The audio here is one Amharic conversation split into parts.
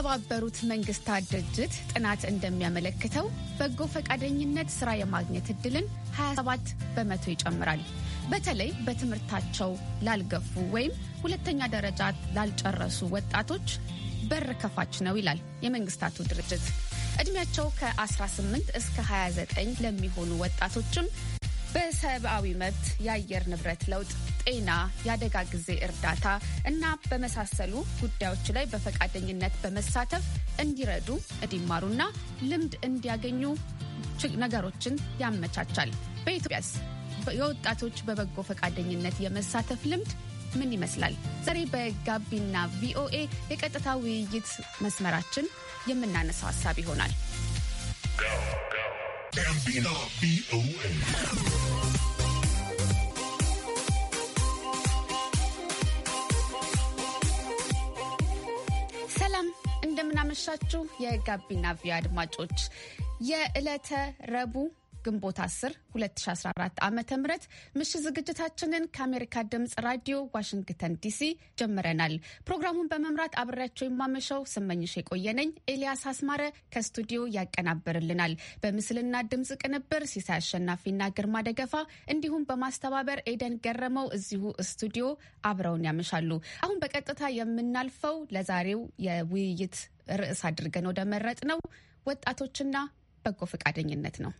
የተባበሩት መንግስታት ድርጅት ጥናት እንደሚያመለክተው በጎ ፈቃደኝነት ስራ የማግኘት እድልን 27 በመቶ ይጨምራል። በተለይ በትምህርታቸው ላልገፉ ወይም ሁለተኛ ደረጃ ላልጨረሱ ወጣቶች በር ከፋች ነው ይላል የመንግስታቱ ድርጅት። እድሜያቸው ከ18 እስከ 29 ለሚሆኑ ወጣቶችም በሰብአዊ መብት፣ የአየር ንብረት ለውጥ ጤና፣ የአደጋ ጊዜ እርዳታ እና በመሳሰሉ ጉዳዮች ላይ በፈቃደኝነት በመሳተፍ እንዲረዱ እንዲማሩና ልምድ እንዲያገኙ ነገሮችን ያመቻቻል። በኢትዮጵያስ የወጣቶች በበጎ ፈቃደኝነት የመሳተፍ ልምድ ምን ይመስላል? ዛሬ በጋቢና ቪኦኤ የቀጥታ ውይይት መስመራችን የምናነሳው ሀሳብ ይሆናል። እንደምናመሻችሁ የጋቢና ቪ አድማጮች የዕለተ ረቡዕ ግንቦት 10 2014 ዓ ም ምሽት ዝግጅታችንን ከአሜሪካ ድምፅ ራዲዮ ዋሽንግተን ዲሲ ጀምረናል። ፕሮግራሙን በመምራት አብሬያቸው የማመሸው ስመኝሽ የቆየነኝ። ኤልያስ አስማረ ከስቱዲዮ ያቀናብርልናል። በምስልና ድምፅ ቅንብር ሲሳይ አሸናፊና ግርማ ደገፋ እንዲሁም በማስተባበር ኤደን ገረመው እዚሁ ስቱዲዮ አብረውን ያመሻሉ። አሁን በቀጥታ የምናልፈው ለዛሬው የውይይት ርዕስ አድርገን ወደ መረጥ ነው ወጣቶችና በጎ ፈቃደኝነት ነው።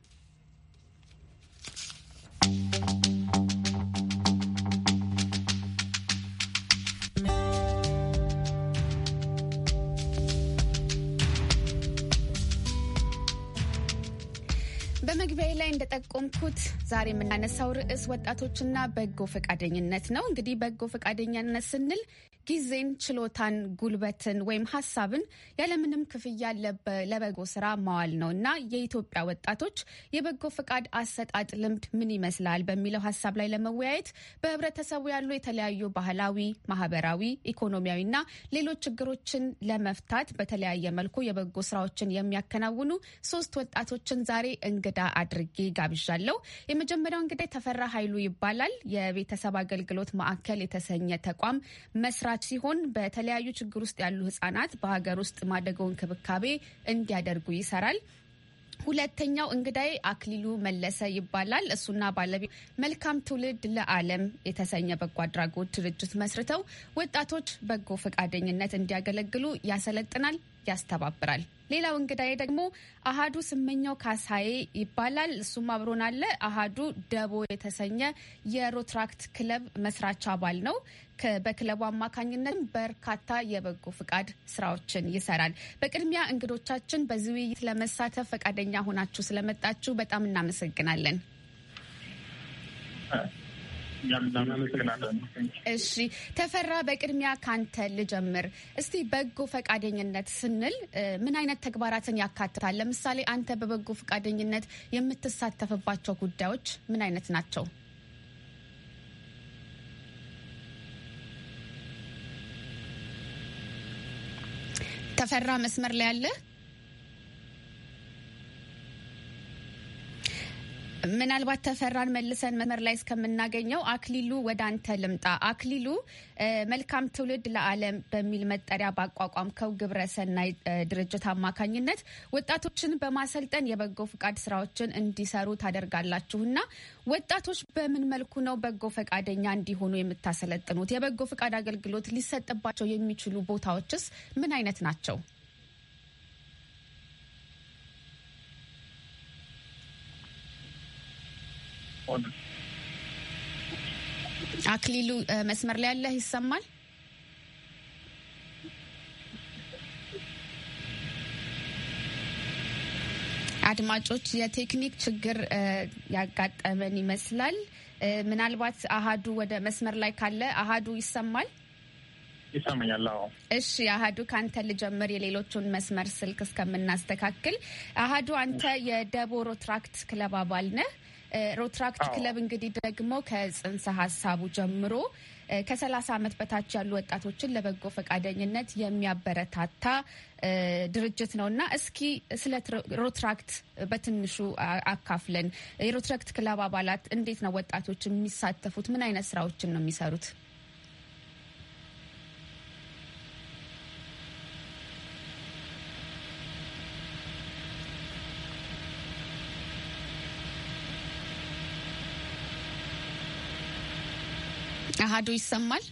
በመግቢያ ላይ እንደጠቆምኩት ዛሬ የምናነሳው ርዕስ ወጣቶችና በጎ ፈቃደኝነት ነው። እንግዲህ በጎ ፈቃደኝነት ስንል ጊዜን፣ ችሎታን፣ ጉልበትን ወይም ሀሳብን ያለምንም ክፍያ ለበጎ ስራ ማዋል ነው እና የኢትዮጵያ ወጣቶች የበጎ ፈቃድ አሰጣጥ ልምድ ምን ይመስላል በሚለው ሀሳብ ላይ ለመወያየት በህብረተሰቡ ያሉ የተለያዩ ባህላዊ፣ ማህበራዊ፣ ኢኮኖሚያዊ እና ሌሎች ችግሮችን ለመፍታት በተለያየ መልኩ የበጎ ስራዎችን የሚያከናውኑ ሶስት ወጣቶችን ዛሬ እንግዳ አድርጌ ጋብዣለሁ። የመጀመሪያው እንግዳ ተፈራ ኃይሉ ይባላል። የቤተሰብ አገልግሎት ማዕከል የተሰኘ ተቋም መስራ መስራች ሲሆን በተለያዩ ችግር ውስጥ ያሉ ህጻናት በሀገር ውስጥ ማደጎ እንክብካቤ እንዲያደርጉ ይሰራል። ሁለተኛው እንግዳይ አክሊሉ መለሰ ይባላል። እሱና ባለቤት መልካም ትውልድ ለዓለም የተሰኘ በጎ አድራጎት ድርጅት መስርተው ወጣቶች በጎ ፈቃደኝነት እንዲያገለግሉ ያሰለጥናል፣ ያስተባብራል። ሌላው እንግዳዬ ደግሞ አሃዱ ስመኛው ካሳዬ ይባላል። እሱም አብሮን አለ። አሃዱ ደቦ የተሰኘ የሮትራክት ክለብ መስራች አባል ነው። በክለቡ አማካኝነት በርካታ የበጎ ፍቃድ ስራዎችን ይሰራል። በቅድሚያ እንግዶቻችን በዚህ ውይይት ለመሳተፍ ፈቃደኛ ሆናችሁ ስለመጣችሁ በጣም እናመሰግናለን። እሺ ተፈራ፣ በቅድሚያ ካንተ ልጀምር። እስቲ በጎ ፈቃደኝነት ስንል ምን አይነት ተግባራትን ያካትታል? ለምሳሌ አንተ በበጎ ፈቃደኝነት የምትሳተፍባቸው ጉዳዮች ምን አይነት ናቸው? ተፈራ መስመር ላይ አለ? ምናልባት ተፈራን መልሰን መስመር ላይ እስከምናገኘው አክሊሉ ወደ አንተ ልምጣ። አክሊሉ መልካም ትውልድ ለዓለም በሚል መጠሪያ ባቋቋምከው ግብረሰናይ ድርጅት አማካኝነት ወጣቶችን በማሰልጠን የበጎ ፈቃድ ስራዎችን እንዲሰሩ ታደርጋላችሁና ወጣቶች በምን መልኩ ነው በጎ ፈቃደኛ እንዲሆኑ የምታሰለጥኑት? የበጎ ፈቃድ አገልግሎት ሊሰጥባቸው የሚችሉ ቦታዎችስ ምን አይነት ናቸው? ሆነ። አክሊሉ መስመር ላይ ያለህ ይሰማል? አድማጮች የቴክኒክ ችግር ያጋጠመን ይመስላል። ምናልባት አሀዱ ወደ መስመር ላይ ካለ አሀዱ ይሰማል? ይሰማኛል። እሺ አሀዱ ከአንተ ልጀምር፣ የሌሎቹን መስመር ስልክ እስከምናስተካክል። አሀዱ አንተ የደቦሮ ትራክት ክለብ አባል ነህ። ሮትራክት ክለብ እንግዲህ ደግሞ ከጽንሰ ሀሳቡ ጀምሮ ከሰላሳ ዓመት በታች ያሉ ወጣቶችን ለበጎ ፈቃደኝነት የሚያበረታታ ድርጅት ነው እና እስኪ ስለ ሮትራክት በትንሹ አካፍለን። የሮትራክት ክለብ አባላት እንዴት ነው ወጣቶች የሚሳተፉት? ምን አይነት ስራዎችን ነው የሚሰሩት? አሀዶ ይሰማል?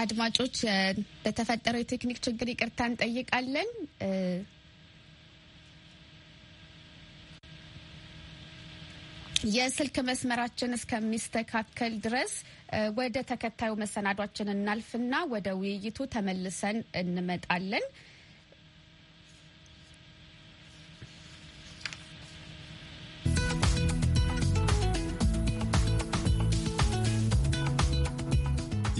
አድማጮች፣ በተፈጠረው የቴክኒክ ችግር ይቅርታ እንጠይቃለን። የስልክ መስመራችን እስከሚስተካከል ድረስ ወደ ተከታዩ መሰናዷችን እናልፍና ወደ ውይይቱ ተመልሰን እንመጣለን።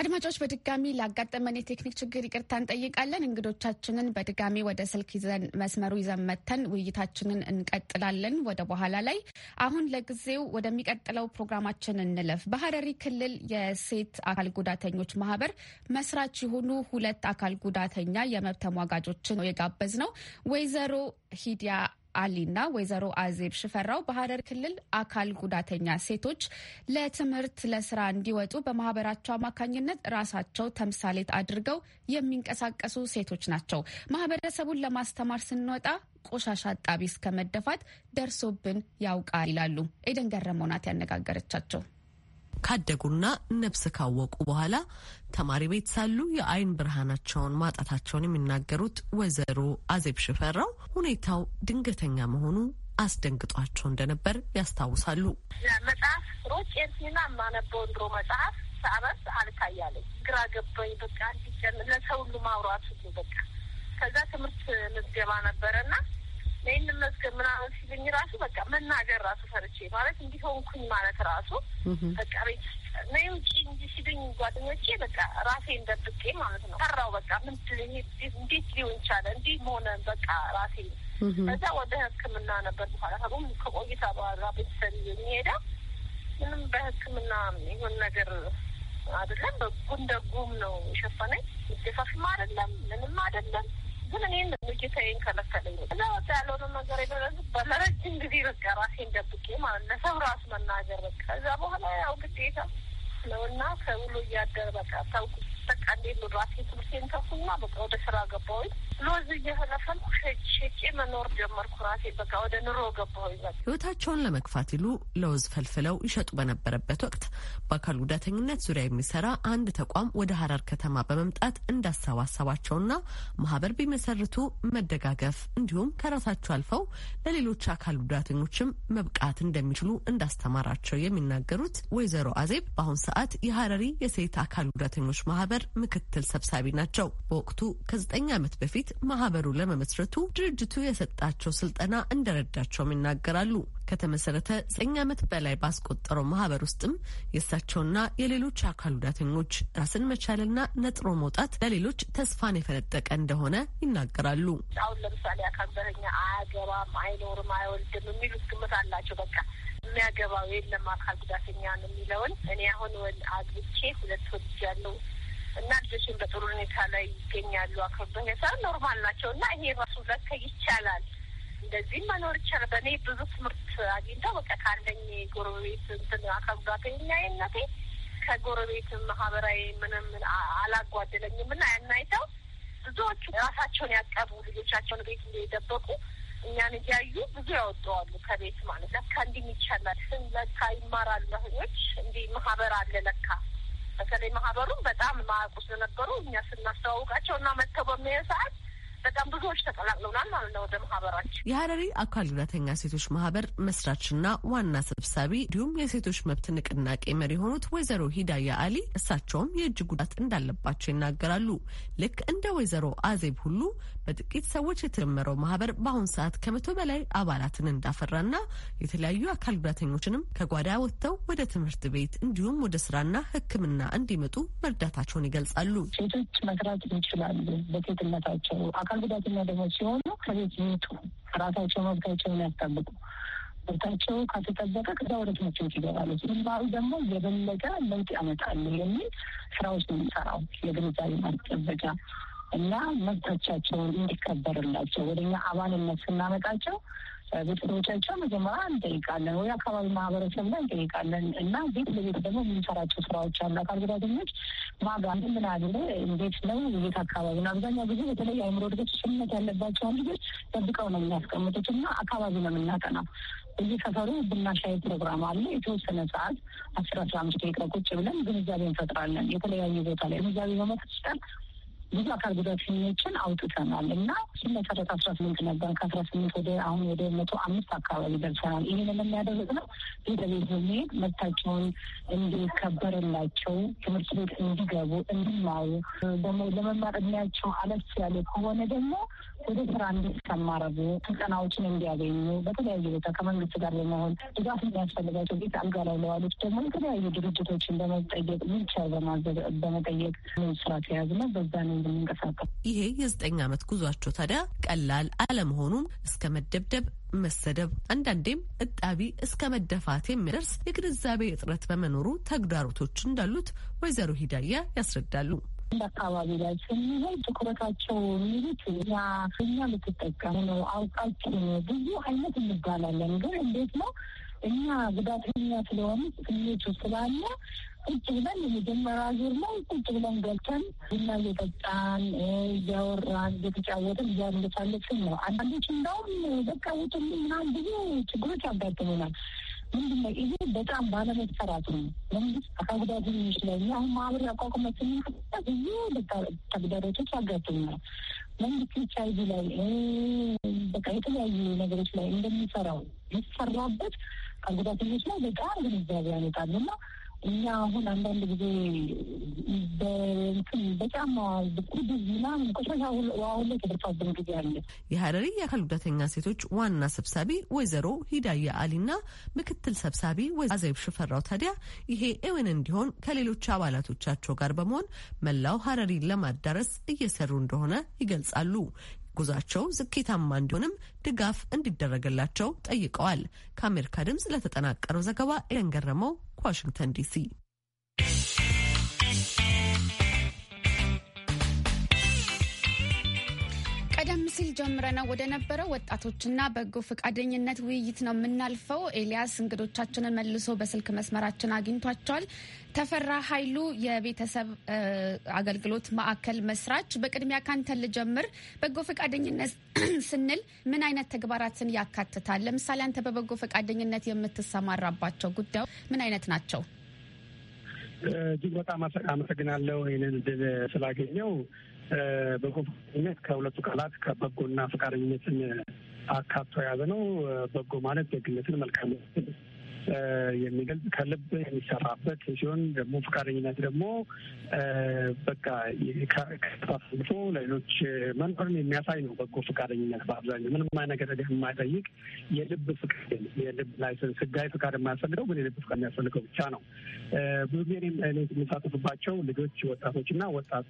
አድማጮች በድጋሚ ላጋጠመን የቴክኒክ ችግር ይቅርታ እንጠይቃለን። እንግዶቻችንን በድጋሚ ወደ ስልክ ይዘን መስመሩ ይዘን መተን ውይይታችንን እንቀጥላለን ወደ በኋላ ላይ። አሁን ለጊዜው ወደሚቀጥለው ፕሮግራማችን እንለፍ። በሀረሪ ክልል የሴት አካል ጉዳተኞች ማህበር መስራች የሆኑ ሁለት አካል ጉዳተኛ የመብት ተሟጋጆችን የጋበዝ ነው ወይዘሮ ሂዲያ አሊና ወይዘሮ አዜብ ሽፈራው በሀረር ክልል አካል ጉዳተኛ ሴቶች ለትምህርት ለስራ እንዲወጡ በማህበራቸው አማካኝነት ራሳቸው ተምሳሌት አድርገው የሚንቀሳቀሱ ሴቶች ናቸው። ማህበረሰቡን ለማስተማር ስንወጣ ቆሻሻ አጣቢ እስከ መደፋት ደርሶብን ያውቃል ይላሉ። ኤደን ገረመው ያነጋገረቻቸው። ካደጉና ነፍስ ካወቁ በኋላ ተማሪ ቤት ሳሉ የአይን ብርሃናቸውን ማጣታቸውን የሚናገሩት ወይዘሮ አዜብ ሽፈራው ሁኔታው ድንገተኛ መሆኑ አስደንግጧቸው እንደነበር ያስታውሳሉ። መጽሐፍ ሮጬ ሲና የማነበውን ድሮ መጽሐፍ ሳበስ አልታያለኝ። ግራ ገባኝ። በቃ ለሰው ሁሉ ማውራቱ በቃ ከዛ ትምህርት ምዝገባ ነበረና ይህን መስገብ ምናምን ሲልኝ ራሱ በቃ መናገር ራሱ ፈርቼ ማለት እንዲሆንኩኝ ማለት ራሱ በቃ ቤት ነይ ውጪ እንጂ ሲልኝ ጓደኞቼ በቃ ራሴን ደብቄ ማለት ነው ሰራው በቃ ምንድን እንዴት ሊሆን ይቻለ እንዲህ መሆነ በቃ ራሴ እዛ ወደ ሕክምና ነበር በኋላ ከቆም ከቆይታ በኋላ ቤተሰብ የሚሄዳ ምንም በሕክምና ይሁን ነገር አይደለም በጉንደጉም ነው የሸፈነኝ። ደፋሽም አይደለም ምንም አይደለም ግን እኔን ልጅታዬን ከለከለኝ። እዛ በቃ ያለሆነ ነገር የደረሱ በለረጅም ጊዜ በቃ ራሴን ደብቄ ማለት ለሰው ራስ መናገር በቃ እዛ በኋላ ያው ግዴታ ነውና ከውሎ እያደር በቃ ታውቁ በቃ እንዴት ትምህርቴን በቃ ወደ ስራ ገባሁኝ። ሎዝ እየፈለፈልኩ ሸጬ መኖር ጀመርኩ። ራሴ በቃ ወደ ኑሮ ገባሁኝ። በቃ ህይወታቸውን ለመግፋት ይሉ ለውዝ ፈልፍለው ይሸጡ በነበረበት ወቅት በአካል ጉዳተኝነት ዙሪያ የሚሰራ አንድ ተቋም ወደ ሀረር ከተማ በመምጣት እንዳሰባሰባቸውና ማህበር ቢመሰርቱ መደጋገፍ እንዲሁም ከራሳቸው አልፈው ለሌሎች አካል ጉዳተኞችም መብቃት እንደሚችሉ እንዳስተማራቸው የሚናገሩት ወይዘሮ አዜብ በአሁን ሰዓት የሀረሪ የሴት አካል ጉዳተኞች ማህበር ማህበር ምክትል ሰብሳቢ ናቸው። በወቅቱ ከዘጠኝ ዓመት በፊት ማህበሩ ለመመስረቱ ድርጅቱ የሰጣቸው ስልጠና እንደረዳቸውም ይናገራሉ። ከተመሰረተ ዘጠኝ ዓመት በላይ ባስቆጠረው ማህበር ውስጥም የእሳቸውና የሌሎች አካል ጉዳተኞች ራስን መቻልና ነጥሮ መውጣት ለሌሎች ተስፋን የፈነጠቀ እንደሆነ ይናገራሉ። አሁን ለምሳሌ አካል ጉዳተኛ አያገባም፣ አይኖርም፣ አይወልድም የሚሉት ግምት አላቸው። በቃ የሚያገባው የለም አካል ጉዳተኛ ነው የሚለውን እኔ አሁን አግብቼ ሁለት ወልጃለሁ እና ልጆችን በጥሩ ሁኔታ ላይ ይገኛሉ። አክብበት የሰራ ኖርማል ናቸው እና ይሄ ራሱ ለካ ይቻላል፣ እንደዚህም መኖር ይቻላል። በእኔ ብዙ ትምህርት አግኝተው በቃ ከአንደኝ ጎረቤት እንትን አካል ጉዳተኛነቴ ከጎረቤት ማህበራዊ ምንም አላጓደለኝም እና ያናይተው ብዙዎቹ ራሳቸውን ያቀቡ ልጆቻቸውን ቤት እንደደበቁ እኛን እያዩ ብዙ ያወጠዋሉ ከቤት ማለት ለካ እንዲህ ይቻላል፣ ለካ ይማራሉ። ህኞች እንዲህ ማህበር አለ ለካ በተለይ ማህበሩ በጣም ማያውቁ ስለነበሩ እኛ ስናስተዋውቃቸው እና መጥተው በሚያየ ሰዓት በጣም ብዙዎች ተቀላቅለውናል ማለት ነው ወደ ማህበራችን። የሀረሪ አካል ጉዳተኛ ሴቶች ማህበር መስራችና ዋና ሰብሳቢ እንዲሁም የሴቶች መብት ንቅናቄ መሪ የሆኑት ወይዘሮ ሂዳያ አሊ እሳቸውም የእጅ ጉዳት እንዳለባቸው ይናገራሉ። ልክ እንደ ወይዘሮ አዜብ ሁሉ በጥቂት ሰዎች የተጀመረው ማህበር በአሁኑ ሰዓት ከመቶ በላይ አባላትን እንዳፈራና የተለያዩ አካል ጉዳተኞችንም ከጓዳ ወጥተው ወደ ትምህርት ቤት እንዲሁም ወደ ስራና ሕክምና እንዲመጡ መርዳታቸውን ይገልጻሉ። ሴቶች መስራት ይችላሉ በሴትነታቸው አካል ጉዳተኛ ደግሞ ሲሆኑ ከቤት ይውጡ፣ ራሳቸው መብታቸውን ያስጠብቁ። መብታቸው ከተጠበቀ ከዛ ወደ ትምህርት ቤት ይገባሉ። ግንባሩ ደግሞ የበለጠ ለውጥ ያመጣሉ የሚል ስራዎች ነው የሚሰራው የግንዛቤ ማስጨበጫ እና መብታቻቸውን እንዲከበርላቸው ወደኛ አባልነት ስናመጣቸው ቤተሰቦቻቸው መጀመሪያ እንጠይቃለን ወይ አካባቢ ማህበረሰብ ላይ እንጠይቃለን እና ቤት ለቤት ደግሞ የምንሰራቸው ስራዎች አሉ። አካል ጉዳተኞች ማጋ ምን አለ እንዴት ነው የቤት አካባቢ ነው። አብዛኛው ጊዜ በተለይ አእምሮ እድገት ውስንነት ያለባቸውን ልጆች ጠብቀው ነው የሚያስቀምጡት እና አካባቢ ነው የምናጠናው። እዚህ ሰፈሩ ብናሻይ ፕሮግራም አለ። የተወሰነ ሰዓት አስር አስራ አምስት ደቂቃ ቁጭ ብለን ግንዛቤ እንፈጥራለን። የተለያዩ ቦታ ላይ ግንዛቤ በመፍጠር ብዙ አካል ጉዳተኞችን አውጥተናል እና እሱን መሰረት አስራ ስምንት ነበር ከአስራ ስምንት ወደ አሁን ወደ መቶ አምስት አካባቢ ደርሰናል። ይህን የሚያደርግ ነው ቤት ለቤት በመሄድ መብታቸውን እንዲከበርላቸው ትምህርት ቤት እንዲገቡ እንዲማሩ ደግሞ ለመማር እድሜያቸው አለፍ ያለ ከሆነ ደግሞ ወደ ስራ እንዲሰማረቡ ስልጠናዎችን እንዲያገኙ በተለያዩ ቦታ ከመንግስት ጋር በመሆን ድጋፍ የሚያስፈልጋቸው ቤት አልጋ ላይ ለዋሎች ደግሞ የተለያዩ ድርጅቶችን በመጠየቅ ዊልቸር በመጠየቅ ስራ ተያዝ ነው። በዛ ነው የምንንቀሳቀስ። ይሄ የዘጠኝ ዓመት ጉዟቸው ታዲያ ቀላል አለመሆኑም እስከ መደብደብ መሰደብ አንዳንዴም እጣቢ እስከ መደፋት የሚያደርስ የግንዛቤ እጥረት በመኖሩ ተግዳሮቶች እንዳሉት ወይዘሮ ሂዳያ ያስረዳሉ። አካባቢ ላይ ስንሆን ትኩረታቸው የሚሉት ያ እኛ ልትጠቀሙ ነው አውቃችሁ ብዙ አይነት እንባላለን። ግን እንዴት ነው እኛ ጉዳተኛ ስለሆኑ ስሜቱ ስላለ ቁጭ ብለን የመጀመሪያ ዙር ላይ ቁጭ ብለን ገብተን ቡና እየጠጣን እያወራን እየተጫወትን እያንደሳለችን ነው። አንዳንዶች እንዳውም በቃ ውጡልኝ ምናምን ብዙ ችግሮች ያጋጥሙናል። ነው ይሄ በጣም ባለመሰራቱ ነው። መንግስት አካል ይችላል። አሁን ማህበር ያቋቁመት ብዙ ተግዳሮቶች ያጋጥሙናል። መንግስት ኤች አይ ቪ ላይ በቃ የተለያዩ ነገሮች ላይ እንደሚሰራው ሊሰራበት አካል ላይ በጣም ግንዛቤ ያመጣሉና እኛ አሁን አንዳንድ ጊዜ በጫማ ብቁድ ምናምን ቆሻሻ ዋሁላ የተደፋብን ጊዜ አለ። የሀረሪ የአካል ጉዳተኛ ሴቶች ዋና ሰብሳቢ ወይዘሮ ሂዳያ አሊና ምክትል ሰብሳቢ አዘይብ ሽፈራው ታዲያ ይሄ እውን እንዲሆን ከሌሎች አባላቶቻቸው ጋር በመሆን መላው ሀረሪን ለማዳረስ እየሰሩ እንደሆነ ይገልጻሉ። ጉዟቸው ስኬታማ እንዲሆንም ድጋፍ እንዲደረግላቸው ጠይቀዋል። ከአሜሪካ ድምፅ ለተጠናቀረው ዘገባ ኤደን ገረመው ከዋሽንግተን ዲሲ ሲል ጀምረነው ወደ ነበረው ወጣቶችና በጎ ፈቃደኝነት ውይይት ነው የምናልፈው። ኤልያስ እንግዶቻችንን መልሶ በስልክ መስመራችን አግኝቷቸዋል። ተፈራ ኃይሉ የቤተሰብ አገልግሎት ማዕከል መስራች፣ በቅድሚያ ካንተን ልጀምር። በጎ ፈቃደኝነት ስንል ምን አይነት ተግባራትን ያካትታል? ለምሳሌ አንተ በበጎ ፈቃደኝነት የምትሰማራባቸው ጉዳዮች ምን አይነት ናቸው? እጅግ በጣም አመሰግናለሁ ይህንን ድል ስላገኘው። በጎ ፈቃደኝነት ከሁለቱ ቃላት ከበጎና ፈቃደኝነትን አካቶ የያዘ ነው። በጎ ማለት ደግነትን፣ መልካምነትን የሚገልጽ ከልብ የሚሰራበት ሲሆን ደግሞ ፈቃደኝነት ደግሞ በቃ ተፋልፎ ለሌሎች መኖርን የሚያሳይ ነው። በጎ ፈቃደኝነት በአብዛኛው ምንም አይነት ነገር የማይጠይቅ የልብ ፍቃድ የልብ ላይሰንስ ህጋዊ ፍቃድ የማያስፈልገው ግን የልብ ፍቃድ የሚያስፈልገው ብቻ ነው። ብዙ ጊዜ እኔ ልጆች ወጣቶች እና ወጣት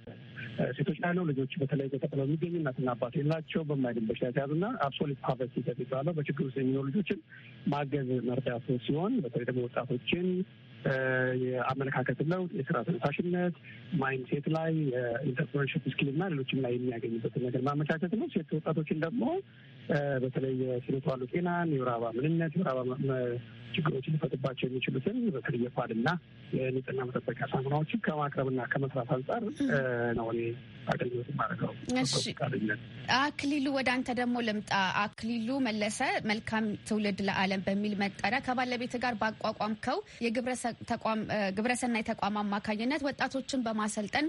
ሴቶች ላይ ነው። ልጆች በተለይ ተጠቅለው የሚገኙ እናትና አባት የላቸው በማይድንበሽ ላይ ተያዙና አብሶሊት ፓቨርቲ የሚባለው በችግር ውስጥ የሚኖሩ ልጆችን ማገዝ መርዳት ሲሆን በተለይ ደግሞ ወጣቶችን የአመለካከት ለውጥ፣ የስራ ተነሳሽነት፣ ማይንሴት ላይ የኢንተርፕረነርሺፕ ስኪል እና ሌሎችም ላይ የሚያገኝበትን ነገር ማመቻቸት ነው። ሴት ወጣቶችን ደግሞ በተለይ የስነ ተዋልዶ ጤናን፣ የወር አበባ ምንነት፣ የወር አበባ ችግሮች ሊፈጥባቸው የሚችሉትን በተለይ የፓልና የንጽህና መጠበቂያ ሳሙናዎችን ከማቅረብና ከመስራት አንጻር ነው እኔ አገልግሎት ማድረገው። አክሊሉ ወደ አንተ ደግሞ ልምጣ። አክሊሉ መለሰ መልካም ትውልድ ለዓለም በሚል መጠሪያ ከባለቤት ጋር ባቋቋምከው የግብረሰ ግብረሰናይ ተቋም አማካኝነት ወጣቶችን በማሰልጠን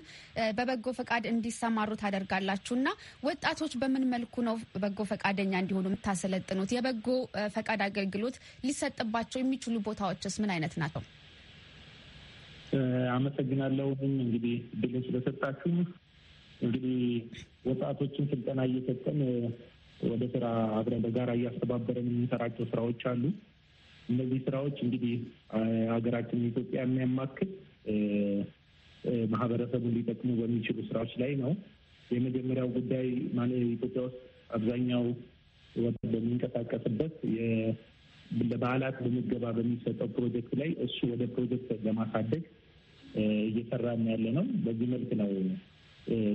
በበጎ ፈቃድ እንዲሰማሩ ታደርጋላችሁ እና ወጣቶች በምን መልኩ ነው በጎ ፈቃደኛ እንዲሆኑ የምታሰለጥኑት? የበጎ ፈቃድ አገልግሎት ሊሰጥባቸው የሚችሉ ቦታዎችስ ምን አይነት ናቸው? አመሰግናለሁ። እንግዲህ ድል ስለሰጣችሁ እንግዲህ ወጣቶችን ስልጠና እየሰጠን ወደ ስራ አብረን በጋራ እያስተባበረን የምንሰራቸው ስራዎች አሉ። እነዚህ ስራዎች እንግዲህ ሀገራችን ኢትዮጵያ የሚያማክል ማህበረሰቡን ሊጠቅሙ በሚችሉ ስራዎች ላይ ነው። የመጀመሪያው ጉዳይ ማለት ኢትዮጵያ ውስጥ አብዛኛው ወጣት በሚንቀሳቀስበት ለበዓላት በምገባ በሚሰጠው ፕሮጀክት ላይ እሱ ወደ ፕሮጀክት ለማሳደግ እየሰራን ያለ ነው። በዚህ መልክ ነው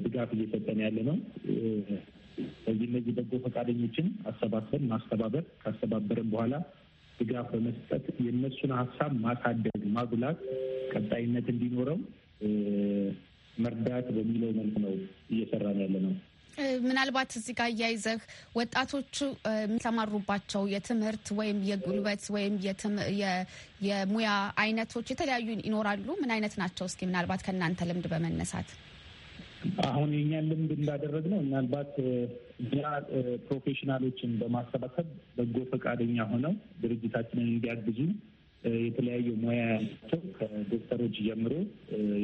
ድጋፍ እየሰጠን ያለ ነው። በዚህ እነዚህ በጎ ፈቃደኞችን አሰባሰብ ማስተባበር ካስተባበርን በኋላ ድጋፍ በመስጠት የእነሱን ሀሳብ ማሳደግ፣ ማጉላት፣ ቀጣይነት እንዲኖረው መርዳት በሚለው መልክ ነው እየሰራ ነው ያለ ነው። ምናልባት እዚህ ጋር እያይዘህ ወጣቶቹ የሚሰማሩባቸው የትምህርት ወይም የጉልበት ወይም የሙያ አይነቶች የተለያዩ ይኖራሉ። ምን አይነት ናቸው? እስኪ ምናልባት ከእናንተ ልምድ በመነሳት አሁን የኛን ልምድ እንዳደረግ ነው። ምናልባት እኛ ፕሮፌሽናሎችን በማሰባሰብ በጎ ፈቃደኛ ሆነው ድርጅታችንን እንዲያግዙ የተለያዩ ሙያ ያላቸው ከዶክተሮች ጀምሮ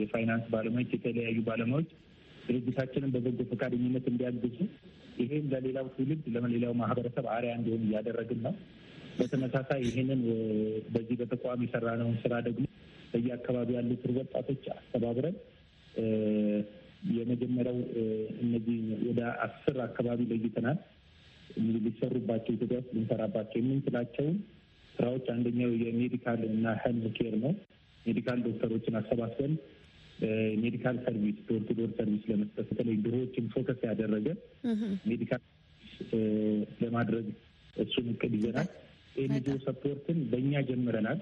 የፋይናንስ ባለሙያዎች፣ የተለያዩ ባለሙያዎች ድርጅታችንን በበጎ ፈቃደኝነት እንዲያግዙ ይሄም ለሌላው ትውልድ ለሌላው ማህበረሰብ አርያ እንዲሆን እያደረግን ነው። በተመሳሳይ ይህንን በዚህ በተቋም የሰራነውን ስራ ደግሞ በየአካባቢ ያሉትን ወጣቶች አስተባብረን የመጀመሪያው እነዚህ ወደ አስር አካባቢ ለይተናል። ሊሰሩባቸው ኢትዮጵያ ውስጥ ልንሰራባቸው የምንችላቸውን ስራዎች አንደኛው የሜዲካል እና ሄልዝ ኬር ነው። ሜዲካል ዶክተሮችን አሰባስበን ሜዲካል ሰርቪስ ዶር ቱ ዶር ሰርቪስ ለመስጠት በተለይ ድሮዎችን ፎከስ ያደረገ ሜዲካል ለማድረግ እሱን እቅድ ይዘናል። ኤንጂኦ ሰፖርትን በእኛ ጀምረናል።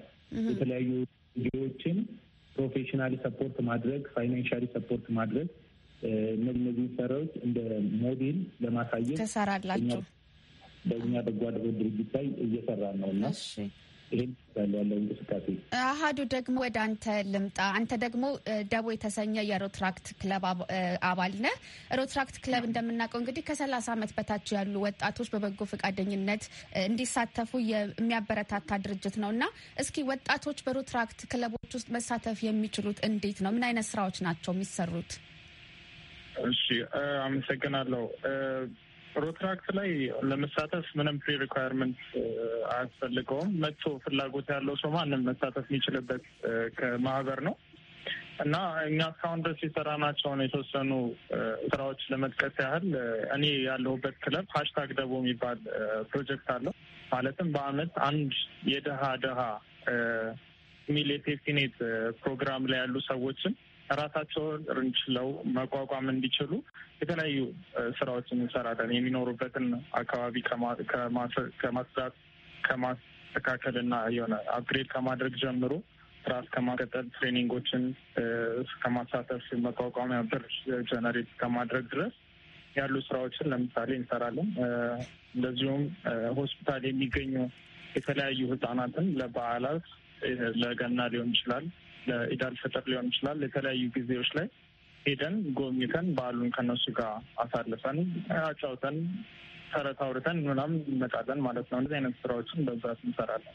የተለያዩ ኤንጂኦዎችን ፕሮፌሽናሊ ሰፖርት ማድረግ፣ ፋይናንሻሊ ሰፖርት ማድረግ እነዚህ ሰራዊት እንደ ሞዴል ለማሳየት ትሰራላችሁ። በእኛ በጎ አድራጎት ድርጅት ላይ እየሰራ ነው እና ይህን አሀዱ ደግሞ ወደ አንተ ልምጣ። አንተ ደግሞ ደቦ የተሰኘ የሮትራክት ክለብ አባል ነህ። ሮትራክት ክለብ እንደምናውቀው እንግዲህ ከሰላሳ ዓመት በታች ያሉ ወጣቶች በበጎ ፈቃደኝነት እንዲሳተፉ የሚያበረታታ ድርጅት ነው እና እስኪ ወጣቶች በሮትራክት ክለቦች ውስጥ መሳተፍ የሚችሉት እንዴት ነው? ምን አይነት ስራዎች ናቸው የሚሰሩት? እሺ አመሰግናለሁ። ሮትራክት ላይ ለመሳተፍ ምንም ፕሪ ሪኳየርመንት አያስፈልገውም። መጥቶ ፍላጎት ያለው ሰው ማንም መሳተፍ የሚችልበት ከማህበር ነው እና እኛ እስካሁን ድረስ የሰራናቸውን የተወሰኑ ስራዎች ለመጥቀስ ያህል እኔ ያለሁበት ክለብ ሀሽታግ ደቦ የሚባል ፕሮጀክት አለው። ማለትም በአመት አንድ የድሃ ድሃ ሚል የሴፍቲኔት ፕሮግራም ላይ ያሉ ሰዎችን ራሳቸውን ችለው መቋቋም እንዲችሉ የተለያዩ ስራዎችን እንሰራለን። የሚኖሩበትን አካባቢ ከማስራት ከማስተካከል እና የሆነ አፕግሬድ ከማድረግ ጀምሮ ስራ ከማቀጠል ትሬኒንጎችን እስከማሳተፍ መቋቋሚያ ብር ጀነሬት ከማድረግ ድረስ ያሉ ስራዎችን ለምሳሌ እንሰራለን። እንደዚሁም ሆስፒታል የሚገኙ የተለያዩ ህጻናትን ለበዓላት ለገና ሊሆን ይችላል ለኢዳል ፈጠር ሊሆን ይችላል የተለያዩ ጊዜዎች ላይ ሄደን ጎብኝተን በዓሉን ከነሱ ጋር አሳልፈን አጫውተን መሰረት አውርተን ምናምን እንመጣለን ማለት ነው። እንደዚህ አይነት ስራዎችን በብዛት እንሰራለን።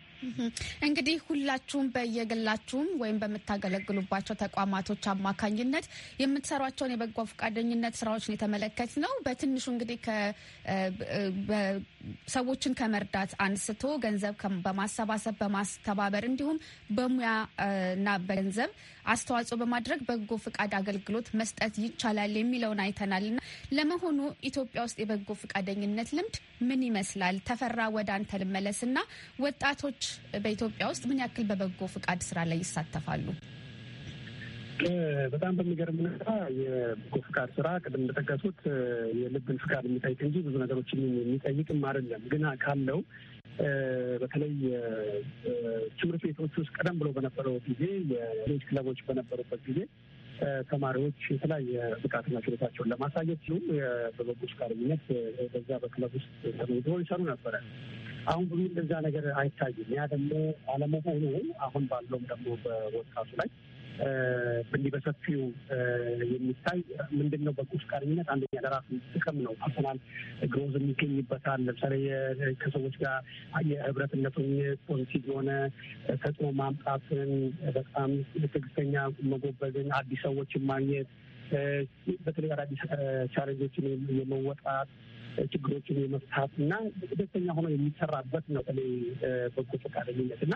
እንግዲህ ሁላችሁም በየግላችሁም ወይም በምታገለግሉባቸው ተቋማቶች አማካኝነት የምትሰሯቸውን የበጎ ፈቃደኝነት ስራዎችን የተመለከት ነው። በትንሹ እንግዲህ ሰዎችን ከመርዳት አንስቶ ገንዘብ በማሰባሰብ በማስተባበር እንዲሁም በሙያና በገንዘብ አስተዋጽኦ በማድረግ በጎ ፍቃድ አገልግሎት መስጠት ይቻላል የሚለውን አይተናልና ለመሆኑ ኢትዮጵያ ውስጥ የበጎ ፍቃደኝነት ልምድ ምን ይመስላል? ተፈራ ወደ አንተ ልመለስና ወጣቶች በኢትዮጵያ ውስጥ ምን ያክል በበጎ ፍቃድ ስራ ላይ ይሳተፋሉ? በጣም በሚገርም ሁኔታ የበጎ ፍቃድ ስራ ቅድም እንደጠቀሱት የልብን ፍቃድ የሚጠይቅ እንጂ ብዙ ነገሮችን የሚጠይቅም አይደለም። ግን ካለው በተለይ ትምህርት ቤቶች ውስጥ ቀደም ብሎ በነበረው ጊዜ የሌጅ ክለቦች በነበሩበት ጊዜ ተማሪዎች የተለያየ ብቃትና ችሎታቸውን ለማሳየት ሲሉ በበጎ ፈቃደኝነት በዛ በክለብ ውስጥ ተመኝቶ ይሰሩ ነበረ። አሁን ብዙ እንደዛ ነገር አይታይም። ያ ደግሞ አለመሆኑ አሁን ባለውም ደግሞ በወጣቱ ላይ እንዲህ በሰፊው የሚታይ ምንድን ነው በቁስ አንደኛ ለራሱ ጥቅም ነው። ፐርሶናል ግሮዝ የሚገኝበታል። ለምሳሌ ከሰዎች ጋር የህብረትነቱን ፖዚቲቭ የሆነ ተጽዕኖ ማምጣትን፣ በጣም ትዕግስተኛ መጎበዝን፣ አዲስ ሰዎችን ማግኘት በተለይ አዳዲስ ቻሌንጆችን የመወጣት ችግሮችን የመፍታት እና ደስተኛ ሆኖ የሚሰራበት ነው። በተለይ በጎ ፈቃደኝነት እና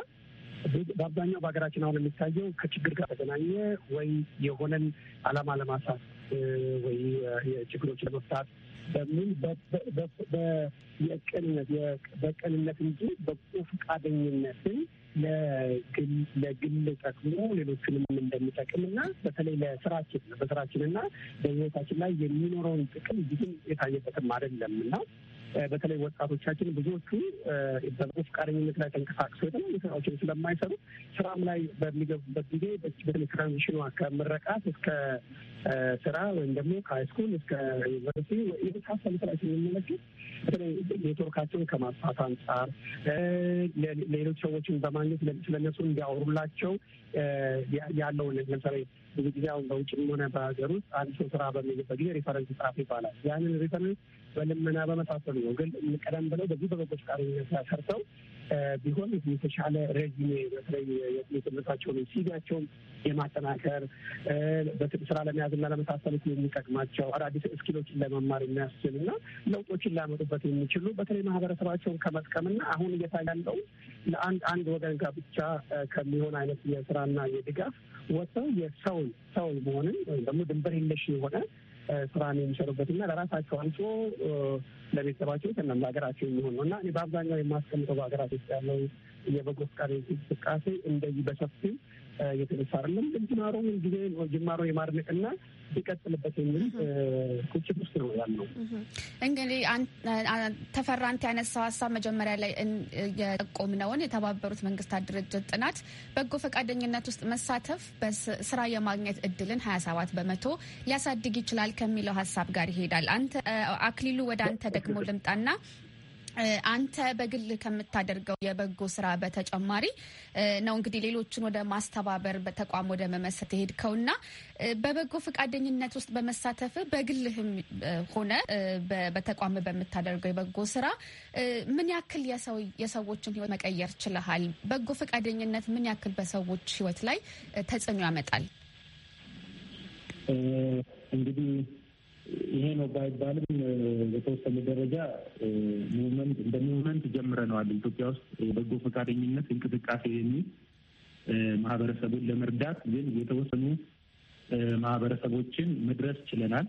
በአብዛኛው በሀገራችን አሁን የሚታየው ከችግር ጋር ተገናኘ ወይ የሆነን አላማ ለማሳት ወይ ችግሮች ለመፍታት በሚል በቅንነት በቅንነት እንጂ በጎ ፈቃደኝነትን ለግል ጠቅሞ ሌሎችንም እንደሚጠቅም እና በተለይ ለስራችን በስራችን በህይወታችን ላይ የሚኖረውን ጥቅም ብዙም የታየበትም አይደለም እና በተለይ ወጣቶቻችን ብዙዎቹ በበጎ ላይ ተንቀሳቅሰው የተለያዩ ስራዎችን ስለማይሰሩ ስራም ላይ በሚገቡበት ጊዜ በተለይ ትራንዚሽኑ ከምረቃት እስከ ስራ ወይም ደግሞ ከሃይስኩል እስከ ዩኒቨርሲቲ የመሳሰሉ ስራዎች የሚመለከት በተለይ ኔትወርካቸውን ከማስፋት አንጻር ሌሎች ሰዎችን በማግኘት ስለነሱ እንዲያወሩላቸው ያለውን ለምሳሌ ብዙ ጊዜ አሁን በውጭም ሆነ በሀገር ውስጥ አንድ ሰው ስራ በሚልበት ጊዜ ሪፈረንስ ጻፍ ይባላል። ያንን ሪፈረንስ በልመና በመሳሰሉ ነው። ግን ቀደም ብለው በዚህ በበጎ ፈቃደኝነት ሰርተው ቢሆን የተሻለ ሬዚሜ በተለይ የትምህርታቸውን ሲቪያቸውን የማጠናከር ስራ ለመያዝና ለመሳሰሉት የሚጠቅማቸው አዳዲስ እስኪሎችን ለመማር የሚያስችል እና ለውጦችን ሊያመጡበት የሚችሉ በተለይ ማህበረሰባቸውን ከመጥቀምና አሁን እየታየ ያለው ለአንድ አንድ ወገን ጋር ብቻ ከሚሆን አይነት የስራና የድጋፍ ወጥተው የሰውን ሰው መሆንን ወይም ደግሞ ድንበር የለሽ የሆነ ስራ ነው የሚሰሩበት እና ለራሳቸው አልፎ ለቤተሰባቸው ከእናም ለሀገራቸው የሚሆን ነው እና በአብዛኛው የማስቀምጠው በሀገራት ውስጥ ያለው የበጎ ፍቃድ እንቅስቃሴ እንደዚህ በሰፊ የተነሳ አይደለም። ግን ጅማሮ ጊዜ ጅማሮ የማድነቅና ሊቀጥልበት የሚል ቁጭት ውስጥ ነው ያለው። እንግዲህ ተፈራ አንተ ያነሳው ሀሳብ መጀመሪያ ላይ የጠቆምነውን የተባበሩት መንግስታት ድርጅት ጥናት በጎ ፈቃደኝነት ውስጥ መሳተፍ በስራ የማግኘት እድልን ሀያ ሰባት በመቶ ሊያሳድግ ይችላል ከሚለው ሀሳብ ጋር ይሄዳል። አንተ አክሊሉ ወደ አንተ ደግሞ ልምጣና አንተ በግል ከምታደርገው የበጎ ስራ በተጨማሪ ነው እንግዲህ ሌሎችን ወደ ማስተባበር በተቋም ወደ መመስረት የሄድከው እና በበጎ ፈቃደኝነት ውስጥ በመሳተፍ በግልህም ሆነ በተቋም በምታደርገው የበጎ ስራ ምን ያክል የሰዎችን ህይወት መቀየር ችለሃል? በጎ ፈቃደኝነት ምን ያክል በሰዎች ህይወት ላይ ተጽዕኖ ያመጣል? እንግዲህ ይሄ ነው ባይባልም በተወሰነ ደረጃ ሙቭመንት እንደ ሙቭመንት ጀምረነዋል። ኢትዮጵያ ውስጥ የበጎ ፈቃደኝነት እንቅስቃሴ የሚል ማህበረሰቡን ለመርዳት ግን የተወሰኑ ማህበረሰቦችን መድረስ ችለናል።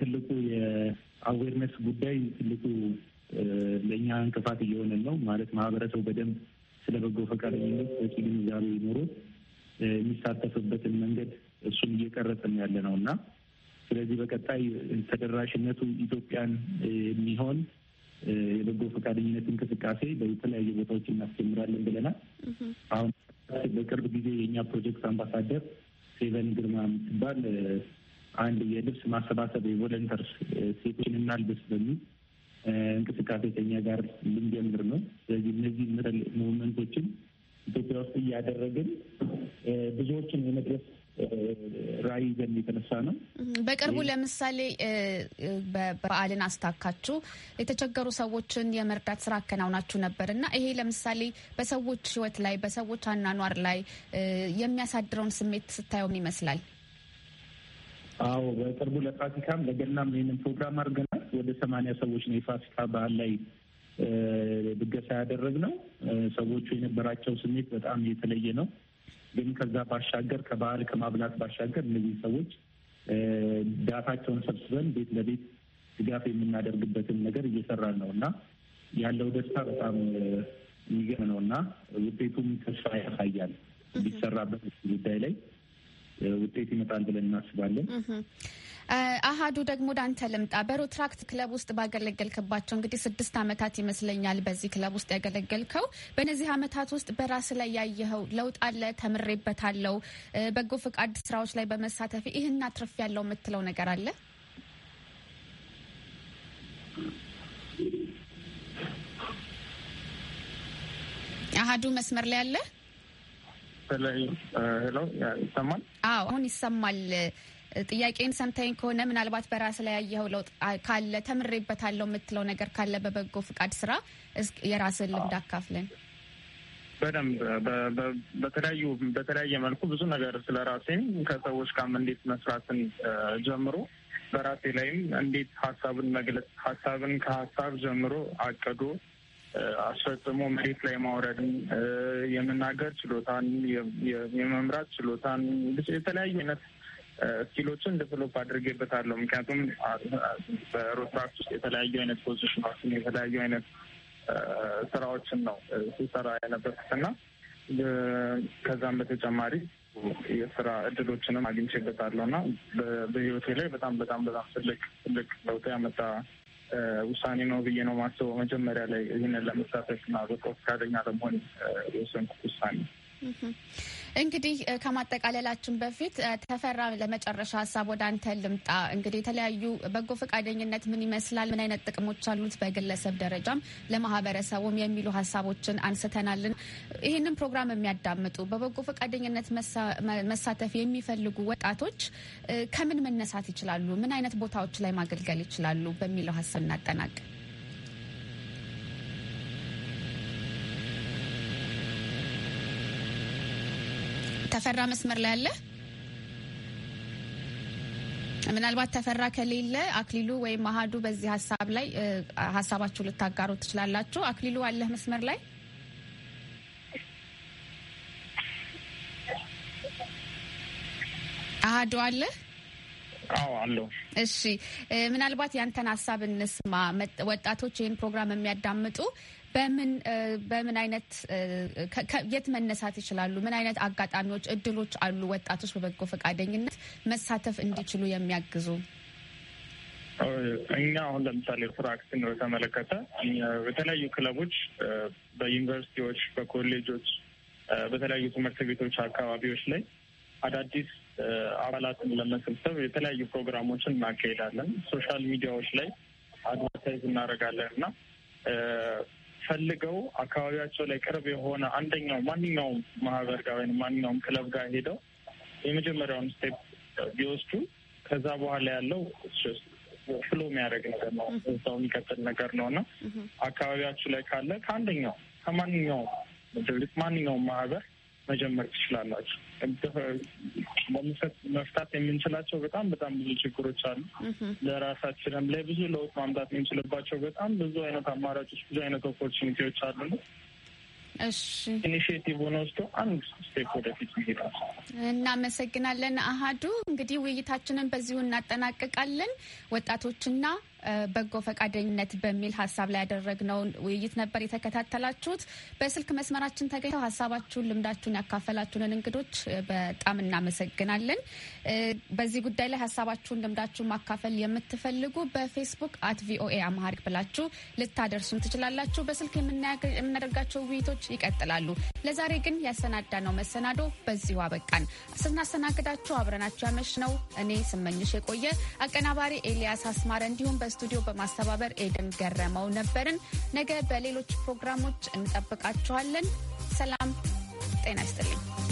ትልቁ የአዌርነስ ጉዳይ ትልቁ ለእኛ እንቅፋት እየሆነ ነው። ማለት ማህበረሰቡ በደንብ ስለ በጎ ፈቃደኝነት በቂ ግንዛቤ ኖሮት የሚሳተፍበትን መንገድ እሱን እየቀረጽን ያለ ነው እና ስለዚህ በቀጣይ ተደራሽነቱ ኢትዮጵያን የሚሆን የበጎ ፈቃደኝነት እንቅስቃሴ በተለያዩ ቦታዎች እናስጀምራለን ብለናል። አሁን በቅርብ ጊዜ የእኛ ፕሮጀክት አምባሳደር ሴቨን ግርማ የምትባል አንድ የልብስ ማሰባሰብ የቮለንተር ሴቶችን እናልብስ በሚል እንቅስቃሴ ከኛ ጋር ልንጀምር ነው። ስለዚህ እነዚህ ምረል ሙቭመንቶችን ኢትዮጵያ ውስጥ እያደረግን ብዙዎችን የመድረስ ራዕይ ይዘን የተነሳ ነው። በቅርቡ ለምሳሌ በዓልን አስታካችሁ የተቸገሩ ሰዎችን የመርዳት ስራ አከናውናችሁ ነበር እና ይሄ ለምሳሌ በሰዎች ህይወት ላይ በሰዎች አናኗር ላይ የሚያሳድረውን ስሜት ስታየውም ይመስላል። አዎ በቅርቡ ለፋሲካም ለገናም ይህንን ፕሮግራም አድርገናል። ወደ ሰማንያ ሰዎች ነው የፋሲካ ባህል ላይ ድገሳ ያደረግነው። ሰዎቹ የነበራቸው ስሜት በጣም የተለየ ነው። ግን ከዛ ባሻገር ከባህል ከማብላት ባሻገር እነዚህ ሰዎች ዳታቸውን ሰብስበን ቤት ለቤት ድጋፍ የምናደርግበትን ነገር እየሰራን ነው እና ያለው ደስታ በጣም የሚገርም ነው እና ውጤቱም ተስፋ ያሳያል። ሊሰራበት ጉዳይ ላይ ውጤት ይመጣል ብለን እናስባለን። አሃዱ ደግሞ ዳንተ ልምጣ። በሮትራክት ክለብ ውስጥ ባገለገልክባቸው እንግዲህ ስድስት ዓመታት ይመስለኛል በዚህ ክለብ ውስጥ ያገለገልከው። በእነዚህ ዓመታት ውስጥ በራስ ላይ ያየኸው ለውጥ አለ? ተምሬበታለሁ፣ በጎ ፈቃድ ስራዎች ላይ በመሳተፍ ይህና ትርፍ ያለው የምትለው ነገር አለ? አሃዱ መስመር ላይ አለ? ሄሎ፣ ይሰማል? አዎ፣ አሁን ይሰማል። ጥያቄን ሰምተኝ ከሆነ ምናልባት በራስ ላይ ያየኸው ለውጥ ካለ ተምሬበታለሁ የምትለው ነገር ካለ በበጎ ፍቃድ ስራ የራስን ልምድ አካፍለን። በደንብ በተለያዩ በተለያየ መልኩ ብዙ ነገር ስለ ራሴም ከሰዎች ጋርም እንዴት መስራትን ጀምሮ በራሴ ላይም እንዴት ሀሳብን መግለጽ ሀሳብን ከሀሳብ ጀምሮ አቅዶ አስፈጽሞ መሬት ላይ ማውረድን የመናገር ችሎታን የመምራት ችሎታን የተለያዩ አይነት ስኪሎችን ዴቨሎፕ አድርጌበታለሁ። ምክንያቱም በሮትራክት ውስጥ የተለያዩ አይነት ፖዚሽኖችን የተለያዩ አይነት ስራዎችን ነው ሲሰራ የነበርኩት እና ከዛም በተጨማሪ የስራ እድሎችንም አግኝቼበታለሁ እና በህይወቴ ላይ በጣም በጣም በጣም ትልቅ ትልቅ ለውጥ ያመጣ ውሳኔ ነው ብዬ ነው ማስበው። መጀመሪያ ላይ ይህንን ለመሳተፍ እና በቆፍ ፈቃደኛ ለመሆን የወሰንኩት ውሳኔ እንግዲህ ከማጠቃለላችን በፊት ተፈራ፣ ለመጨረሻ ሀሳብ ወደ አንተ ልምጣ። እንግዲህ የተለያዩ በጎ ፈቃደኝነት ምን ይመስላል፣ ምን አይነት ጥቅሞች አሉት፣ በግለሰብ ደረጃም ለማህበረሰቡም የሚሉ ሀሳቦችን አንስተናልን። ይህንን ፕሮግራም የሚያዳምጡ በበጎ ፈቃደኝነት መሳተፍ የሚፈልጉ ወጣቶች ከምን መነሳት ይችላሉ፣ ምን አይነት ቦታዎች ላይ ማገልገል ይችላሉ በሚለው ሀሳብ እናጠናቅቅ። ተፈራ መስመር ላይ አለ? ምናልባት ተፈራ ከሌለ አክሊሉ ወይም አሀዱ በዚህ ሀሳብ ላይ ሀሳባችሁ ልታጋሩ ትችላላችሁ። አክሊሉ አለህ መስመር ላይ? አሀዱ አለ? አዎ አለ። እሺ ምናልባት ያንተን ሀሳብ እንስማ። ወጣቶች ይህን ፕሮግራም የሚያዳምጡ በምን በምን አይነት የት መነሳት ይችላሉ? ምን አይነት አጋጣሚዎች፣ እድሎች አሉ ወጣቶች በበጎ ፈቃደኝነት መሳተፍ እንዲችሉ የሚያግዙ? እኛ አሁን ለምሳሌ ፕራክቲን በተመለከተ በተለያዩ ክለቦች በዩኒቨርሲቲዎች፣ በኮሌጆች፣ በተለያዩ ትምህርት ቤቶች አካባቢዎች ላይ አዳዲስ አባላትን ለመሰብሰብ የተለያዩ ፕሮግራሞችን እናካሄዳለን። ሶሻል ሚዲያዎች ላይ አድቨርታይዝ እናደርጋለን እና ፈልገው አካባቢያቸው ላይ ቅርብ የሆነ አንደኛው ማንኛውም ማህበር ጋር ወይም ማንኛውም ክለብ ጋር ሄደው የመጀመሪያውን ስቴፕ ቢወስዱ ከዛ በኋላ ያለው ፍሎ የሚያደርግ ነገር ነው። እዛው የሚቀጥል ነገር ነው እና አካባቢያችሁ ላይ ካለ ከአንደኛው ከማንኛውም ማንኛውም ማህበር መጀመር ትችላላችሁ። መፍታት የምንችላቸው በጣም በጣም ብዙ ችግሮች አሉ። ለራሳችንም ላይ ብዙ ለውጥ ማምጣት የምንችልባቸው በጣም ብዙ አይነት አማራጮች፣ ብዙ አይነት ኦፖርቹኒቲዎች አሉ። ኢኒሽቲቭ ሆነ ወስዶ አንድ ስቴፕ ወደፊት ይሄዳል። እናመሰግናለን። አሀዱ እንግዲህ ውይይታችንን በዚሁ እናጠናቅቃለን። ወጣቶችና በጎ ፈቃደኝነት በሚል ሀሳብ ላይ ያደረግነው ውይይት ነበር የተከታተላችሁት። በስልክ መስመራችን ተገኝተው ሀሳባችሁን፣ ልምዳችሁን ያካፈላችሁንን እንግዶች በጣም እናመሰግናለን። በዚህ ጉዳይ ላይ ሀሳባችሁን፣ ልምዳችሁን ማካፈል የምትፈልጉ በፌስቡክ አት ቪኦኤ አማሪክ ብላችሁ ልታደርሱም ትችላላችሁ። በስልክ የምናደርጋቸው ውይይቶች ይቀጥላሉ። ለዛሬ ግን ያሰናዳነው መሰናዶ በዚሁ አበቃን። ስናስተናግዳችሁ አብረናችሁ ያመሽ ነው እኔ ስመኝሽ የቆየ አቀናባሪ ኤልያስ አስማረ እንዲሁም ከስቱዲዮ በማስተባበር ኤደን ገረመው ነበርን። ነገ በሌሎች ፕሮግራሞች እንጠብቃችኋለን። ሰላም ጤና ይስጥልኝ።